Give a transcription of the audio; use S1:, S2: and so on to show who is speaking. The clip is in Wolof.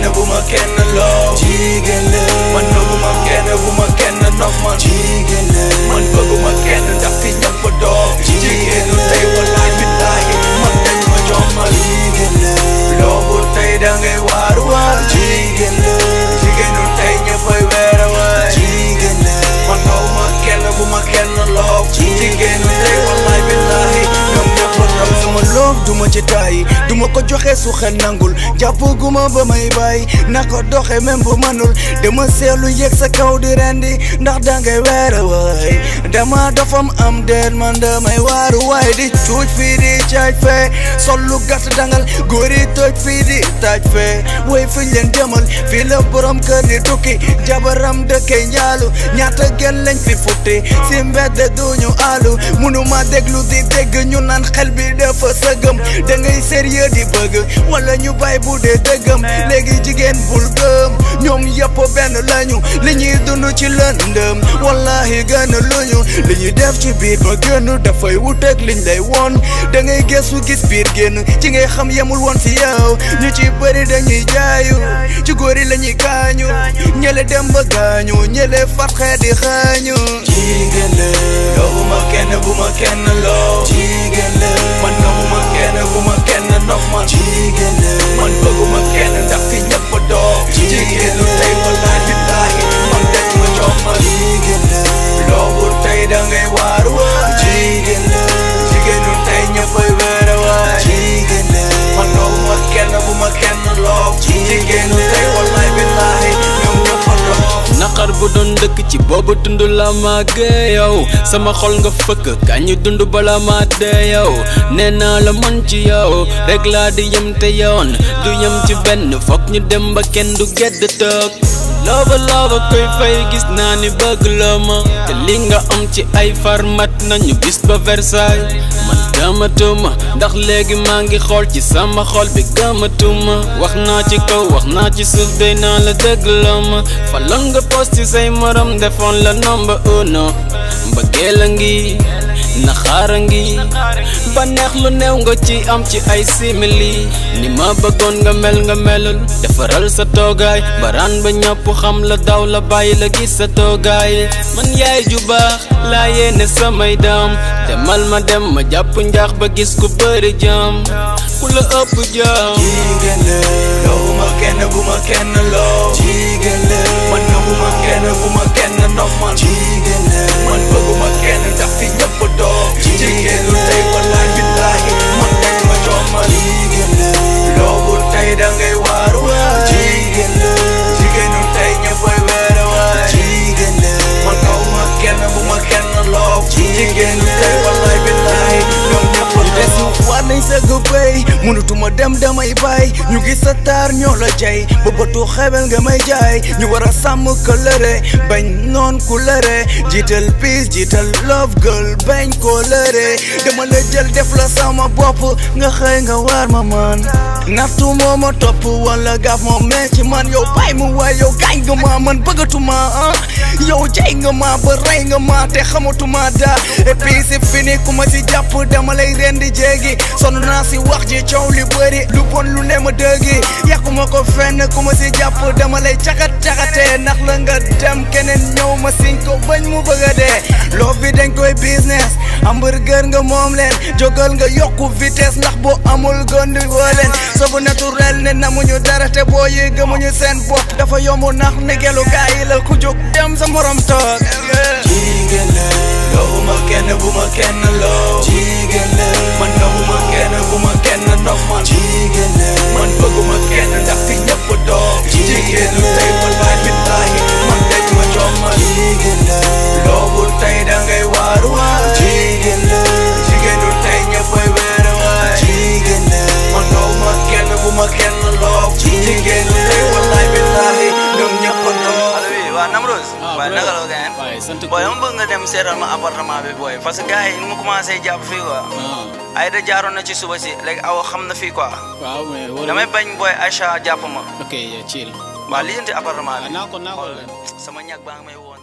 S1: kenn bu ma kenn loo jigéen la man bu ma kenn duma ci taay duma ko joxe su xel nangul jàpp guma ba may bàyyi na ko doxe même bu mënul dama seetlu yëg sa kaw di rendi ndax dangay weere waay dama dofam am deet man damay waaru waay di cuuj fii di caaj fee sol lu gàtt dangal góor yi toj fii di taaj fee way fi leen demal fii la borom kër ni tukki jabaram dëkke njaalu ñaata gen lañ fi futti si mbedd duñu alu munu ma déglu di dégg ñu naan xel bi dafa sëgg gëm da ngay sérieux di bëgg wala ñu bay bu dee dëggam léegi jigéen bul gëm ñoom yëpp benn lañu li ñuy dund ci lëndëm wallahi gën luñu li ñuy def ci biir ba gën dafay wuteeg liñ lay woon da ngay gëstu gis biir génn ci ngay xam yemul woon si yow ñu ci bëri dañuy jaayu ci góor yi la ñuy gaañu ñële dem ba gaañu ñële farxe di xaañu jigéen wu ma kenn nopp ma jigéen
S2: booba dund tund la màggee yow sama xol nga fëkk kañ ñu dund bala ma dee yow nee naa la mën ci yow rekk laa di yem te yoon du yem ci benn fokk ñu dem ba kenn du gedd toog looba looba koy fay gis naa ni bëgg la ma te li nga am ci ay farmat nañu bis ba Versailles damatuma ndax léegi maa ngi xool ci sama xool bi gëmatuma wax naa ci kaw wax naa ci suuf day naa la dëgg la ma faloon nga post ci say morom defoon la nomba uno mbëggee la ngi naxaara ngi ba neex lu neew nga ci am ci ay simili ni ma bëggoon nga mel nga melul defaral sa toogaay baraan ba ñëpp xam la daw la bàyyi la gis sa toogaay man yaay ju baax laa yéene samay daam demal ma dem ma jàpp njaax ba gis ku bëri jam ku la ëpp jam
S1: may bay ñu gis a taar ñoo la jay ba xebel nga may jaay ñu war a sàmm kolëre bañ noon ku lëre jiital peace jiital love girl bañ ko lëre dama la jël def la sama bopp nga xëy nga waar ma man nattu moo ma topp wala gaaf moo mel ci man yow bay mu waay yow gaañ nga ma man bëggatuma ah yow jay nga ma ba rey nga ma te xamatuma daa et puis c'est fini ku ma jàpp dama lay rendi jéegi sonn naa si wax ji coow li bëri kon lu ne ma dëggi yàqu ma ko fenn ku ma si jàpp dama lay caxat caxatee ndax la nga dem keneen ñëw ma siñ ko bañ mu bëgg a dee loof bi dañ koy business hamburger nga moom leen jógal nga yokku vitesse ndax boo amul gond woo leen soobu naturel ne namuñu dara te boo yi gëmuñu seen bopp dafa yomb ndax nigelu gaa yi la ku jóg dem sa morom toog jigéen Namroos. waaw naka la gaañ. waaye sant booy dama bëgg nga dem seetal ma appartement bi booy parce que gars yi mu commencé jàpp ay da jaaroon na ci suba si léegi aw xam na fii quoi. a mais damay bañ booy Aïcha jàpp ma. ok chill. waaw lijjanti bi. sama ñàkk baa nga may woo.